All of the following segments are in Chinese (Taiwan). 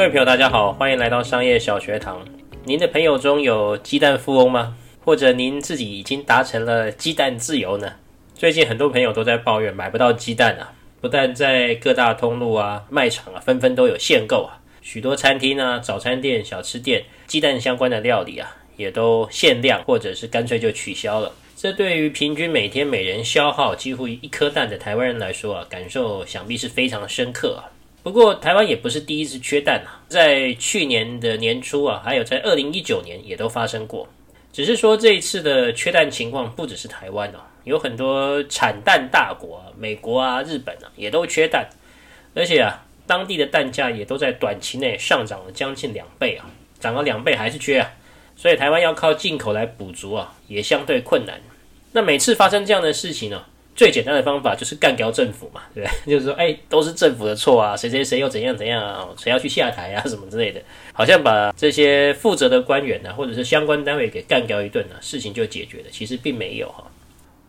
各位朋友，大家好，歡迎來到商業小學堂。您的朋友中有雞蛋富翁嗎？或者您自己已經達成了雞蛋自由呢？最近很多朋友都在抱怨買不到雞蛋啊，不但在各大通路啊、賣場啊紛紛都有限購啊，許多餐廳啊、早餐店、小吃店雞蛋相關的料理啊也都限量，或者是乾脆就取消了。這對於平均每天每人消耗幾乎一顆蛋的台灣人來說啊，感受想必是非常深刻啊。不過，台灣也不是第一次缺蛋啊，在去年的年初啊，還有在二零一九年也都發生過。只是說這一次的缺蛋情況不只是台灣啊，有很多產蛋大國啊，美國啊、日本啊也都缺蛋，而且啊，當地的蛋價也都在短期內上漲了將近兩倍啊，漲了兩倍還是缺啊，所以台灣要靠進口來補足啊，也相對困難。那每次發生這樣的事情呢啊？最簡單的方法就是幹掉政府嘛，對不對？就是說，哎、欸，都是政府的錯啊，誰誰誰又怎樣怎樣、啊，誰要去下台啊，什麼之類的，好像把這些負責的官員呢、啊，或者是相關單位給幹掉一頓呢、啊，事情就解決了。其實並沒有哈。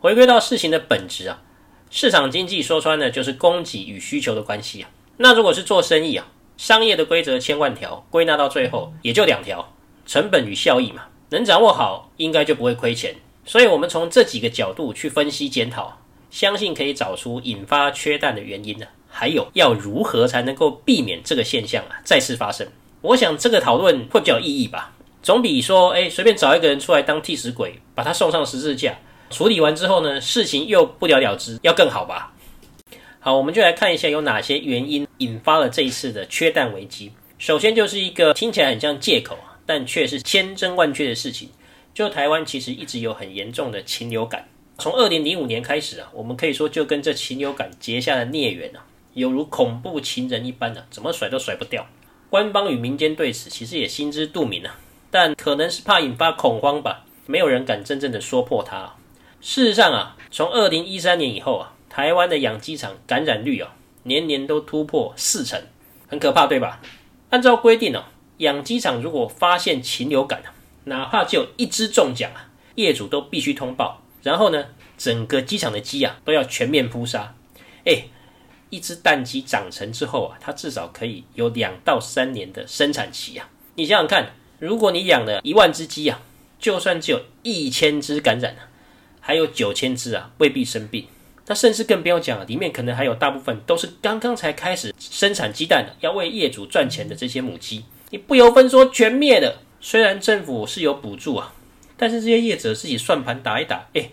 回歸到事情的本質啊，市場經濟說穿了就是供給與需求的關係啊。那如果是做生意啊，商業的規則千萬條，歸納到最後也就兩條：成本與效益嘛。能掌握好，應該就不會虧錢。所以我們從這幾個角度去分析檢討，相信可以找出引發缺蛋的原因呢，還有要如何才能夠避免這個現象啊，再次發生？我想這個討論會比較有意義吧，總比說哎，隨便找一個人出來當替死鬼，把他送上十字架，處理完之後呢，事情又不了了之，要更好吧？好，我們就來看一下有哪些原因引發了這一次的缺蛋危機。首先就是一個聽起來很像借口，但卻是千真萬確的事情，就台灣其實一直有很嚴重的禽流感。從二零零五年開始啊，我們可以說就跟這禽流感結下了孽緣啊，猶如恐怖情人一般的，啊，怎麼甩都甩不掉。官方與民間對此其實也心知肚明啊，但可能是怕引發恐慌吧，沒有人敢真正的說破它，啊。事實上啊，從二零一三年以後啊，台灣的養雞場感染率啊，年年都突破四成，很可怕，對吧？按照規定哦，啊，養雞場如果發現禽流感啊，哪怕就一隻中獎啊，業主都必須通報。然後呢，整個雞場的雞啊都要全面撲殺。哎，一隻蛋雞長成之後啊，它至少可以有兩到三年的生產期啊。你想想看，如果你養了一萬隻雞啊，就算只有一千隻感染了，還有九千隻啊未必生病。那甚至更不要講，裡面可能還有大部分都是剛剛才開始生產雞蛋的，要為業主賺錢的這些母雞，你不由分說全滅了。雖然政府是有補助啊。但是這些業者自己算盤打一打，哎、欸，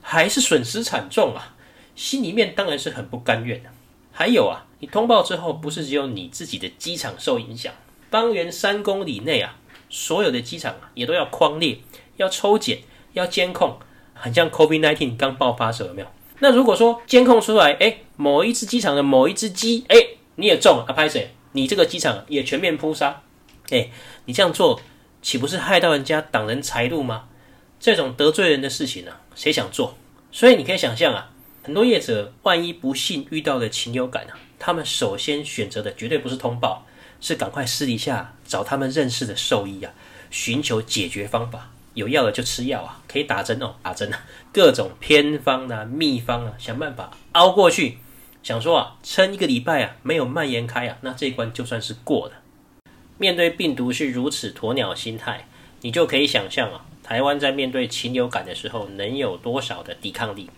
還是損失慘重啊！心裡面當然是很不甘願的、啊。還有啊，你通報之後，不是只有你自己的雞場受影響，方圓三公里內啊，所有的雞場啊，也都要匡列、要抽檢、要監控，很像 COVID-19 剛爆發時候，有沒有？那如果說監控出來，哎、欸，某一隻雞場的某一隻雞，哎、欸，你也中了啊，歹勢，你這個雞場也全面撲殺，哎、欸，你這樣做。豈不是害到人家擋人財路嗎？這種得罪人的事情啊，誰想做？所以你可以想象啊，很多業者萬一不幸遇到了禽流感啊，他們首先選擇的絕對不是通報，是趕快私底下找他們認識的獸醫啊，尋求解決方法。有藥了就吃藥啊，可以打針哦、喔，打針啊，各種偏方啊、秘方啊，想辦法熬過去。想說啊，撐一個禮拜啊，沒有蔓延開啊，那這一關就算是過了。面對病毒是如此鴕鳥心態，你就可以想象啊，台灣在面對禽流感的時候能有多少的抵抗力？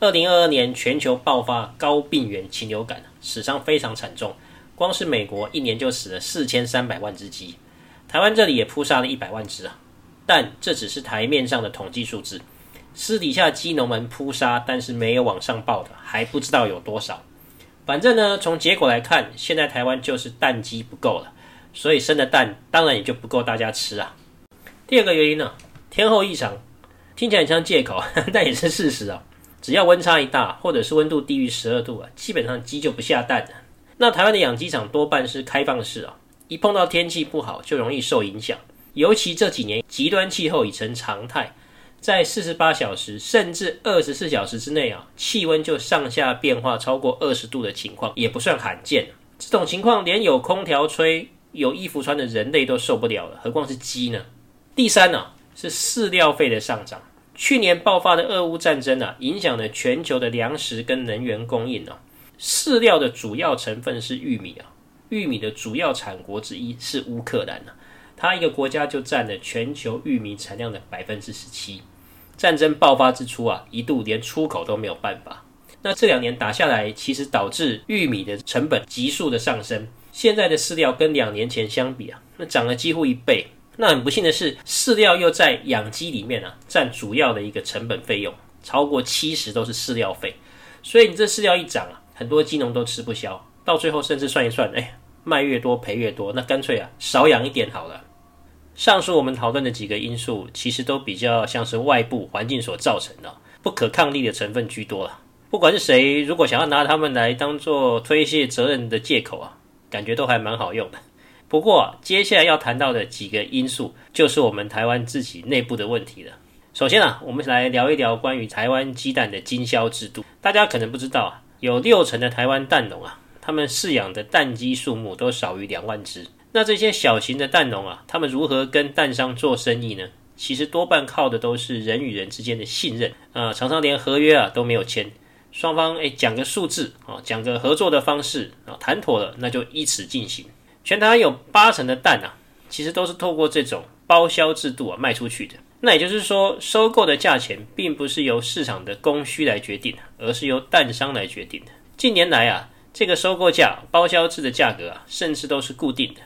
二零二二年全球爆發高病原禽流感，死傷非常慘重，光是美國一年就死了四千三百萬隻雞，台灣這裡也撲殺了一百萬隻啊。但這只是台面上的統計數字，私底下雞農們撲殺但是沒有往上報的還不知道有多少。反正呢，從結果來看，現在台灣就是蛋雞不夠了。所以生的蛋當然也就不夠大家吃啊。第二個原因呢啊，天候異常，聽起來很像借口，但也是事實啊。只要溫差一大，或者是溫度低於十二度啊，基本上雞就不下蛋了。那台灣的養雞場多半是開放式啊，一碰到天氣不好就容易受影響。尤其這幾年極端氣候已成常態，在四十八小時甚至二十四小時之內啊，氣溫就上下變化超過二十度的情況也不算罕見。這種情況連有空調吹、有衣服穿的人類都受不了了，何況是雞呢？第三呢、啊，是飼料費的上漲。去年爆發的俄烏戰爭啊，影響了全球的糧食跟能源供應啊。飼料的主要成分是玉米啊，玉米的主要產國之一是烏克蘭呢、啊，它一個國家就佔了全球玉米產量的百分之十七。戰爭爆發之初啊，一度連出口都沒有辦法。那這兩年打下來，其實導致玉米的成本急速的上升。現在的飼料跟兩年前相比啊，那漲了幾乎一倍。那很不幸的是，飼料又在養雞裡面啊，占主要的一個成本費用，超過七十都是飼料費。所以你這飼料一漲啊，很多雞農都吃不消，到最後甚至算一算，哎，賣越多賠越多，那乾脆啊少養一點好了。上述我們討論的幾個因素，其實都比較像是外部環境所造成的不可抗力的成分居多啦啊。不管是誰，如果想要拿他們來當做推卸責任的借口啊，感覺都還蠻好用的。不過啊，接下來要談到的幾個因素，就是我們台灣自己內部的問題了。首先啊，我們來聊一聊關於台灣雞蛋的經銷制度。大家可能不知道啊，有六成的台灣蛋農啊，他們飼養的蛋雞數目都少於兩萬隻。那這些小型的蛋農啊，他們如何跟蛋商做生意呢？其實多半靠的都是人與人之間的信任啊，呃，常常連合約啊都沒有簽。雙方誒，講個數字啊，講個合作的方式啊，談妥了，那就依此進行。全台有八成的蛋啊，其實都是透過這種包銷制度啊賣出去的。那也就是說，收購的價錢並不是由市場的供需來決定，而是由蛋商來決定的。近年來啊，這個收購價包銷制的價格啊，甚至都是固定的。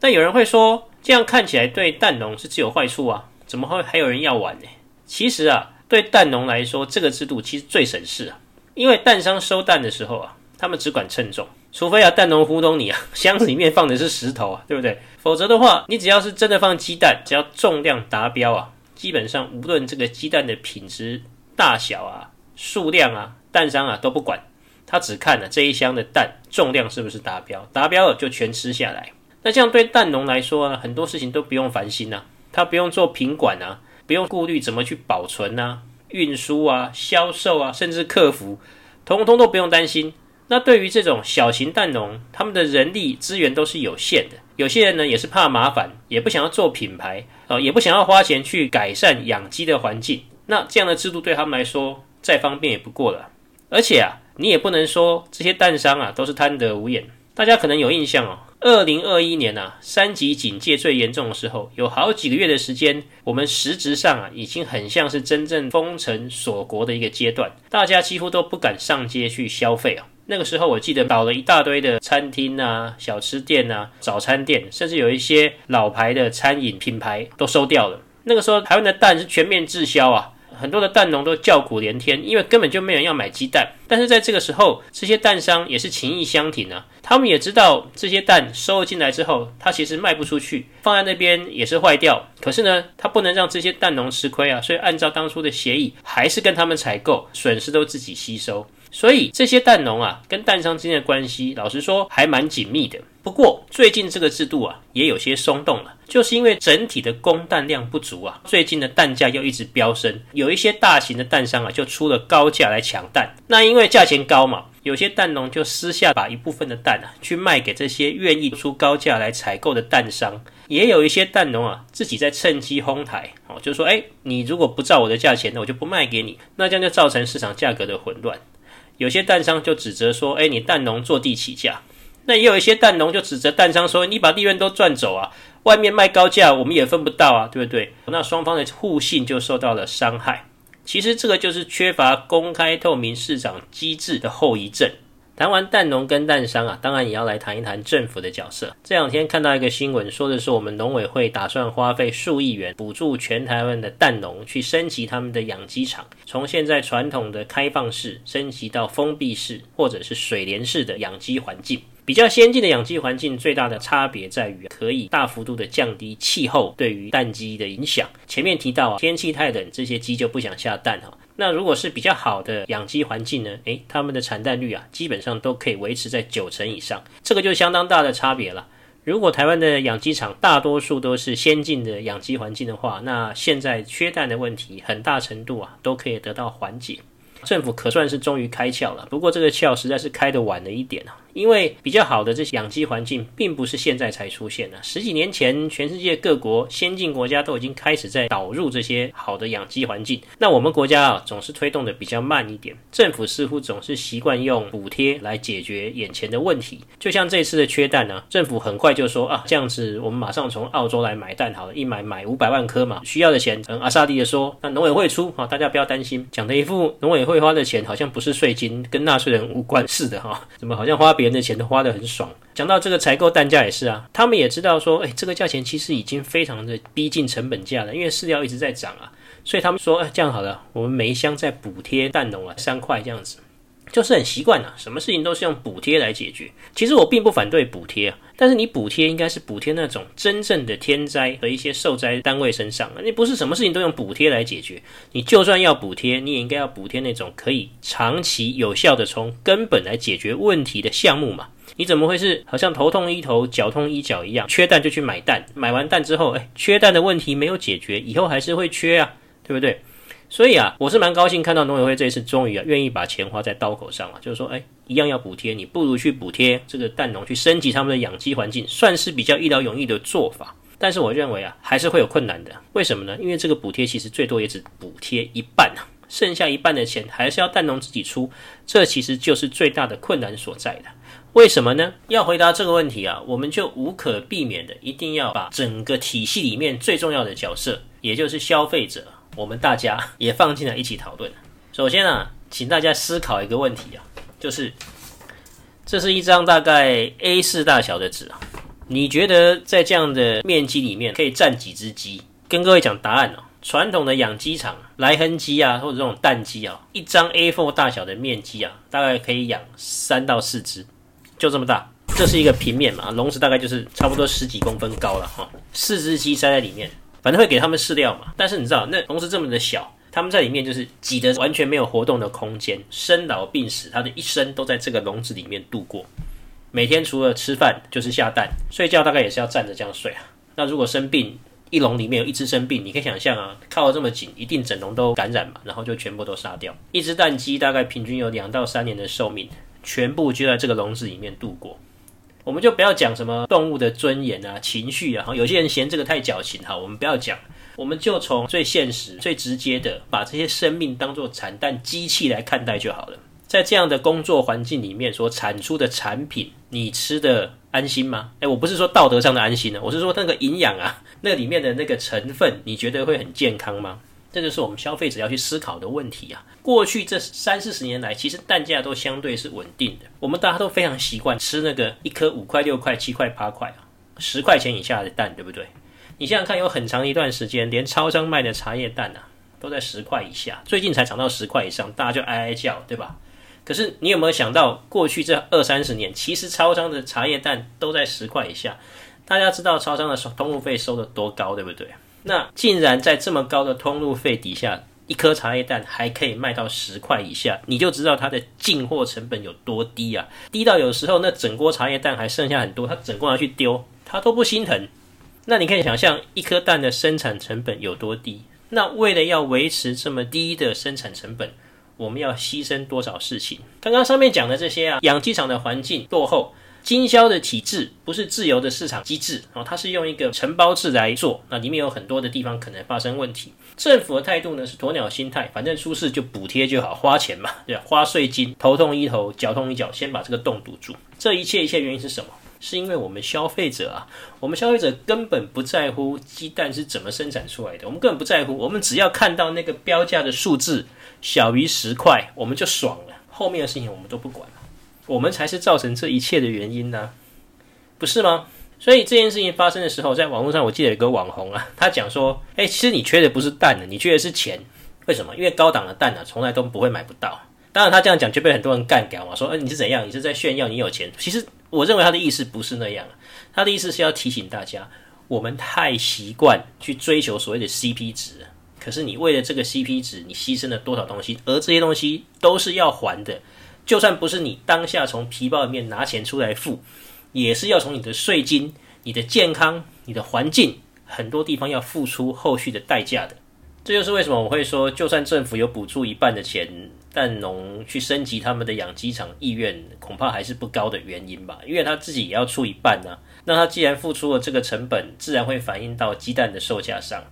那有人會說，這樣看起來對蛋農是只有壞處啊？怎麼會還有人要玩呢？其實啊，對蛋農來說，這個制度其實最省事啊。因為蛋商收蛋的時候啊，他們只管稱重，除非啊蛋農糊弄你啊，箱子裡面放的是石頭啊，對不對？否則的話，你只要是真的放雞蛋，只要重量達標啊，基本上無論這個雞蛋的品質、大小啊、數量啊，蛋商啊都不管，他只看呢這一箱的蛋重量是不是達標，達標了就全吃下來。那這樣對蛋農來說啊，很多事情都不用煩心吶、啊，他不用做品管吶、啊，不用顧慮怎麼去保存吶、啊。運輸啊，銷售啊，甚至客服，通通都不用擔心。那對於這種小型蛋農，他們的人力資源都是有限的。有些人呢，也是怕麻煩，也不想要做品牌，呃，也不想要花錢去改善養雞的環境。那這樣的制度對他們來說，再方便也不過了。而且啊，你也不能說這些蛋商啊都是貪得無厭。大家可能有印象哦。二零二一年吶、啊，三級警戒最嚴重的時候，有好幾個月的時間，我們實質上啊，已經很像是真正封城鎖國的一個階段，大家幾乎都不敢上街去消費啊。那個時候，我記得搞了一大堆的餐廳啊、小吃店啊、早餐店，甚至有一些老牌的餐飲品牌都收掉了。那個時候，台灣的蛋是全面滯銷啊，很多的蛋農都叫苦連天，因為根本就沒有人要買雞蛋。但是在這個時候，這些蛋商也是情意相挺啊。他們也知道這些蛋收入進來之後，它，其實賣不出去，放在那邊也是壞掉。可是呢，他不能讓這些蛋農吃虧啊，所以按照當初的協議，還是跟他們採購，損失都自己吸收。所以這些蛋農啊，跟蛋商之間的關係，老實說還蠻緊密的。不過最近這個制度啊，也有些鬆動了。就是因為整體的供蛋量不足啊，最近的蛋價又一直飆升，有一些大型的蛋商啊，就出了高價來搶蛋。那因為價錢高嘛，有些蛋農就私下把一部分的蛋啊，去賣給這些願意出高價來採購的蛋商。也有一些蛋農啊，自己在趁機哄抬，哦，就說，哎，你如果不照我的價錢，那我就不賣給你。那這樣就造成市場價格的混亂。有些蛋商就指責說，哎，你蛋農坐地起價。那也有一些蛋農就指責蛋商說，你把利潤都賺走啊。外面賣高價，我們也分不到啊，對不對？那雙方的互信就受到了傷害。其實這個就是缺乏公開透明市場機制的後遺症。談完蛋農跟蛋商啊，當然也要來談一談政府的角色。這兩天看到一個新聞，說的是我們農委會打算花費數億元補助全台灣的蛋農去升級他們的養雞場，從現在傳統的開放式升級到封閉式或者是水簾式的養雞環境。比較先進的養雞環境，最大的差別在於可以大幅度的降低氣候對於蛋雞的影響。前面提到啊，天氣太冷，這些雞就不想下蛋哈、啊。那如果是比較好的養雞環境呢？誒、欸，它們的產蛋率啊，基本上都可以維持在九成以上，這個就相當大的差別了。如果台灣的養雞場大多數都是先進的養雞環境的話，那現在缺蛋的問題很大程度啊都可以得到緩解。政府可算是終於開竅了，不過這個竅實在是開得晚了一點、啊。因為比較好的這些養雞環境，並不是現在才出現的啊。十幾年前，全世界各國先進國家都已經開始在導入這些好的養雞環境。那我們國家啊，總是推動得比較慢一點。政府似乎總是習慣用補貼來解決眼前的問題。就像這次的缺蛋啊，政府很快就說啊，這樣子我們馬上從澳洲來買蛋，好了，一買買五百萬顆嘛。需要的錢，嗯，阿莎力也說，那農委會出啊，大家不要擔心。講的一副農委會花的錢好像不是稅金，跟納稅人無關似的哈，啊，怎麼好像花比。別人的錢都花得很爽，講到這個採購單價也是啊，他們也知道說，哎，這個價錢其實已經非常的逼近成本價了，因為飼料一直在漲啊，所以他們說，哎，這樣好了，我們每一箱再補貼蛋農啊三塊這樣子。就是很習慣啊，什麼事情都是用補貼來解決。其實我並不反對補貼啊，但是你補貼應該是補貼那種真正的天災和一些受災單位身上。你不是什麼事情都用補貼來解決，你就算要補貼，你也應該要補貼那種可以長期有效的從根本來解決問題的項目嘛。你怎麼會是好像頭痛醫頭，腳痛醫腳一樣，缺蛋就去買蛋，買完蛋之後，哎、欸，缺蛋的問題沒有解決，以後還是會缺啊，對不對？所以啊，我是蠻高興看到農委會這一次終於啊願意把錢花在刀口上了，啊，就是說，哎，一樣要補貼，你不如去補貼這個蛋農去升級他們的養雞環境，算是比較一勞永逸的做法。但是我認為啊，還是會有困難的。為什麼呢？因為這個補貼其實最多也只補貼一半啊，剩下一半的錢還是要蛋農自己出，這其實就是最大的困難所在的。為什麼呢？要回答這個問題啊，我們就無可避免的一定要把整個體系裡面最重要的角色，也就是消費者。我們大家也放進來一起討論。首先啊，請大家思考一個問題啊，就是這是一張大概 A4 大小的紙啊。你覺得在這樣的面積裡面可以站幾隻雞？跟各位講答案哦、啊，傳統的養雞場萊亨雞啊，或者這種蛋雞啊，一張 A4 大小的面積啊，大概可以養三到四隻，就這麼大。這是一個平面嘛，籠子大概就是差不多十幾公分高了哈，四隻雞塞在裡面。反正會給他們飼料嘛，但是你知道，那籠子這麼的小，他們在裡面就是擠得完全沒有活動的空間，生老病死，他的一生都在這個籠子裡面度過。每天除了吃飯就是下蛋，睡覺大概也是要站着這樣睡啊。那如果生病，一籠裡面有一隻生病，你可以想象啊，靠得這麼緊，一定整籠都感染嘛，然後就全部都殺掉。一隻蛋雞大概平均有兩到三年的壽命，全部就在這個籠子裡面度過。我們就不要講什麼動物的尊嚴啊、情緒啊，哈，有些人嫌這個太矯情，哈，我們不要講，我們就從最現實、最直接的，把這些生命當作產蛋機器來看待就好了。在這樣的工作環境裡面所產出的產品，你吃的安心嗎？誒，我不是說道德上的安心了，我是說那個營養啊，那裡面的那個成分，你覺得會很健康嗎？這就是我們消費者要去思考的問題啊！過去這三四十年來，其實蛋價都相對是穩定的，我們大家都非常習慣吃那個一顆五塊、六塊、七塊、八塊啊，十塊錢以下的蛋，對不對？你想想看，有很長一段時間，連超商賣的茶葉蛋啊都在十塊以下，最近才漲到十塊以上，大家就唉唉叫，對吧？可是你有沒有想到，過去這二三十年，其實超商的茶葉蛋都在十塊以下，大家知道超商的收通路費收得多高，對不對？那竟然在這麼高的通路費底下，一顆茶葉蛋還可以賣到十塊以下，你就知道它的進貨成本有多低啊！低到有時候那整鍋茶葉蛋還剩下很多，他整鍋拿去丟，他都不心疼。那你可以想象一顆蛋的生產成本有多低？那為了要維持這麼低的生產成本，我們要犧牲多少事情？剛剛上面講的這些啊，養雞場的環境落後。經銷的體制不是自由的市場機制啊，它是用一個承包制來做，那裡面有很多的地方可能發生問題。政府的態度呢是鴕鳥心態，反正出事就補貼就好，花錢嘛，對吧、啊？花稅金，頭痛醫頭，腳痛醫腳，先把這個洞堵住。這一切一切原因是什麼？是因為我們消費者啊，我們消費者根本不在乎雞蛋是怎麼生產出來的，我們根本不在乎，我們只要看到那個標價的數字小於十塊，我們就爽了，後面的事情我們都不管了。我們才是造成這一切的原因呢、啊，不是嗎？所以這件事情發生的時候，在網絡上我記得有個網紅啊，他講說：“哎、欸，其實你缺的不是蛋呢，你缺的是錢。為什麼？因為高檔的蛋呢、啊，從來都不會買不到。當然，他這樣講就被很多人幹掉嘛。說：哎、欸，你是怎樣？你是在炫耀你有錢？其實，我認為他的意思不是那樣。他的意思是要提醒大家，我們太習慣去追求所謂的 CP 值，可是你為了這個 CP 值，你犧牲了多少東西？而這些東西都是要還的。”就算不是你當下從皮包裡面拿錢出來付，也是要從你的稅金、你的健康、你的環境很多地方要付出後續的代價的。這就是為什麼我會說，就算政府有補助一半的錢，蛋農去升級他們的養雞場意願恐怕還是不高的原因吧？因為他自己也要出一半呢、啊。那他既然付出了這個成本，自然會反映到雞蛋的售價上。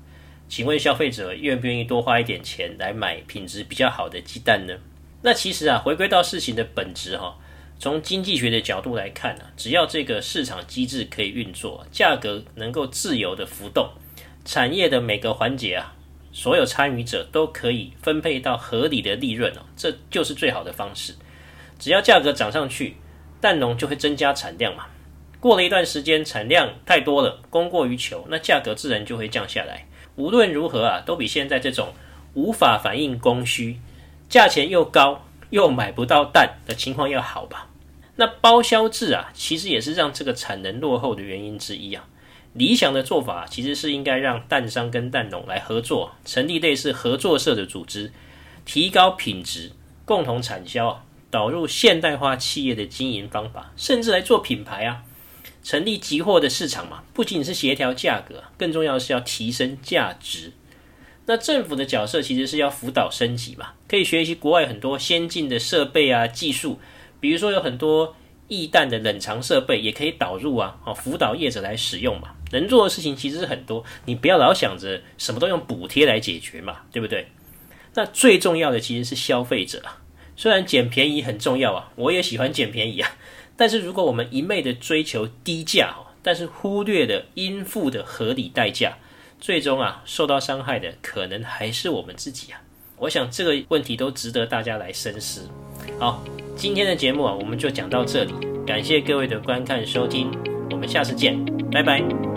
請問消費者願不願意多花一點錢來買品質比較好的雞蛋呢？那其實啊，回歸到事情的本質哈、啊，從經濟學的角度來看呢、啊，只要這個市場機制可以運作，價格能夠自由地浮動，產業的每個環節啊，所有參與者都可以分配到合理的利潤哦、啊，這就是最好的方式。只要價格漲上去，蛋農就會增加產量嘛。過了一段時間，產量太多了，供過於求，那價格自然就會降下來。無論如何啊，都比現在這種無法反映供需。價錢又高又買不到蛋的情況要好吧？那包銷制啊，其實也是讓這個產能落後的原因之一啊。理想的做法啊，其實是應該讓蛋商跟蛋農來合作，成立類似合作社的組織，提高品質，共同產銷啊，導入現代化企業的經營方法，甚至來做品牌啊，成立集貨的市場嘛。不僅僅是協調價格，更重要的是要提升價值。那政府的角色其實是要輔導升級嘛，可以學習國外很多先進的設備啊、技術，比如說有很多液氮的冷藏設備也可以導入啊，哦，輔導業者來使用嘛。能做的事情其實是很多，你不要老想着什麼都用補貼來解決嘛，對不對？那最重要的其實是消費者，雖然撿便宜很重要啊，我也喜歡撿便宜啊，但是如果我們一昧的追求低價，但是忽略了應付的合理代價。最終啊，受到傷害的可能還是我們自己啊。我想這個問題都值得大家來深思。好，今天的節目啊，我們就講到這裡。感謝各位的觀看收聽，我們下次見，拜拜。